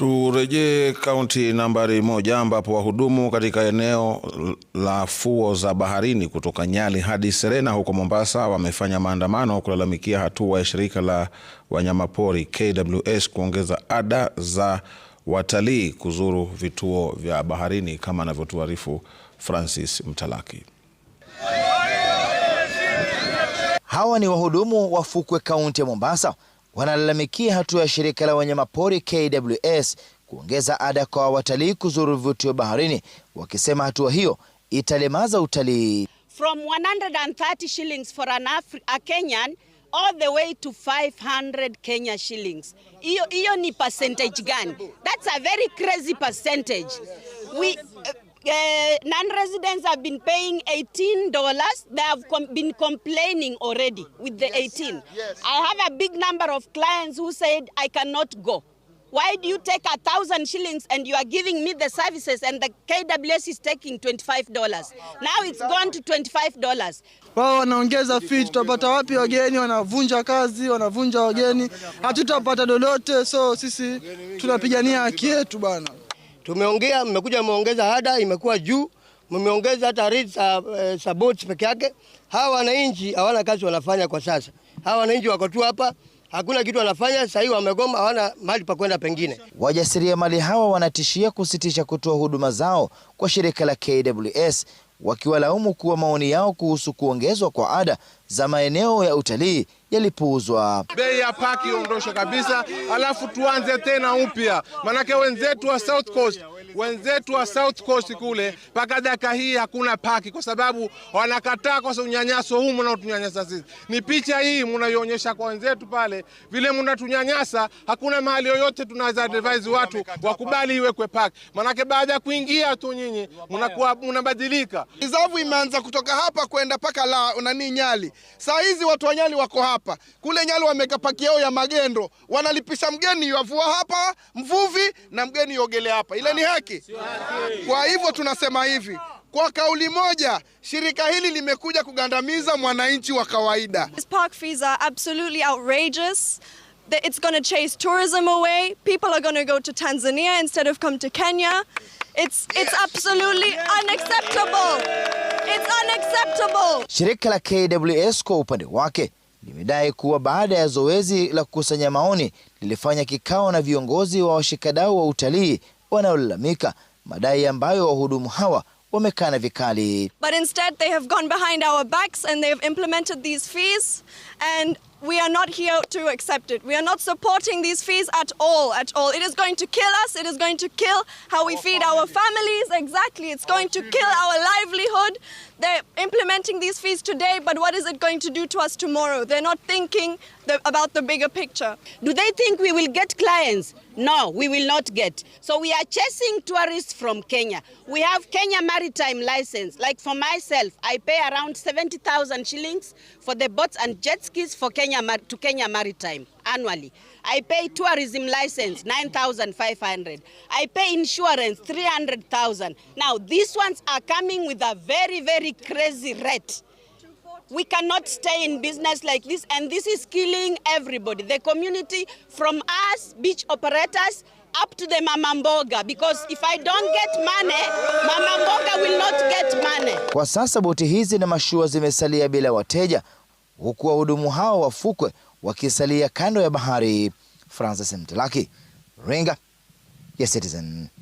Turejee kaunti nambari moja ambapo wahudumu katika eneo la fuo za baharini kutoka Nyali hadi Serena huko Mombasa wamefanya maandamano kulalamikia hatua ya shirika la wanyamapori KWS kuongeza ada za watalii kuzuru vituo vya baharini kama anavyotuarifu Francis Mtalaki. Hawa ni wahudumu wa fukwe kaunti ya Mombasa wanalalamikia hatua ya shirika la wanyamapori KWS kuongeza ada kwa watalii kuzuru vivutio baharini, wakisema hatua hiyo italemaza utalii. From 130 shillings for an Afri a Kenyan all the way to 500 Kenya shillings. Hiyo ni percentage gani? That's a very crazy percentage. We, uh, Uh, non-residents have been paying $18. They have com been complaining already with the yes. 18. Yes. I have a big number of clients who said, I cannot go. Why do you take a thousand shillings and you are giving me the services and the KWS is taking $25? Now it's gone to $25. Wao wanaongeza fee, tutapata wapi wageni? Wanavunja kazi, wanavunja wageni, hatutapata lolote. So sisi tunapigania haki yetu bana. Tumeongea, mmekuja mmeongeza ada imekuwa juu, mmeongeza hata rate za eh, za peke yake. Hawa wananchi hawana kazi wanafanya kwa sasa. Hawa wananchi wako tu hapa, hakuna kitu wanafanya. Sasa hivi wamegoma, hawana mali pa kwenda pengine. Wajasiriamali hawa wanatishia kusitisha kutoa huduma zao kwa shirika la KWS wakiwalaumu kuwa maoni yao kuhusu kuongezwa kwa ada za maeneo ya utalii yalipuuzwa. Bei ya paki ondoshe kabisa, alafu tuanze tena upya, manake wenzetu wa South Coast wenzetu wa South Coast kule, mpaka dakika hii hakuna paki, kwa sababu wanakataa kwa unyanyaso huu mnaotunyanyasa sisi. Ni picha hii mnaionyesha kwa wenzetu pale, vile mnatunyanyasa. Hakuna mahali yoyote tunaweza advise watu wakubali iwekwe paki, manake baada ya kuingia tu nyinyi mnakuwa mnabadilika. Izavu imeanza kutoka hapa kwenda paka la nani Nyali. Saa hizi watu wa Nyali wako hapa, kule Nyali wameka paki yao ya magendo, wanalipisha mgeni yavua hapa, mvuvi na mgeni yogelea hapa, ile ni haki haki? Kwa hivyo tunasema hivi kwa kauli moja, shirika hili limekuja kugandamiza mwananchi wa kawaida. These park fees are absolutely outrageous. It's going to chase tourism away. People are going to go to Tanzania instead of come to Kenya. It's, yes. it's absolutely unacceptable. It's unacceptable. Shirika la KWS kwa upande wake limedai kuwa baada ya zoezi la kukusanya maoni lilifanya kikao na viongozi wa washikadau wa utalii wanaolalamika, madai ambayo wahudumu hawa wamekana vikali. But instead they have gone behind our backs and they have implemented these fees and we are not here to accept it. We are not supporting these fees at all, at all. It is going to kill us. It is going to kill how we our feed our families. Exactly. It's our going to kill our livelihood. They're implementing these fees today, but what is it going to do to us tomorrow? They're not thinking the, about the bigger picture. Do they think we will get clients? No, we will not get. So we are chasing tourists from Kenya. We have Kenya maritime license. Like for myself, I pay around 70,000 shillings for the boats and jet skis for Kenya Kenya, to Kenya Maritime annually. I pay tourism license 9,500. I pay insurance 300,000. Now these ones are coming with a very, very crazy rate. We cannot stay in business like this, and this is killing everybody, the community, from us, beach operators, up to the Mama Mboga, because if I don't get money, Mama Mboga will not get money. Kwa sasa boti hizi na mashua zimesalia bila wateja huku wahudumu hao wa fukwe wakisalia kando ya bahari. Francis Mtelaki, Ringa ya Citizen.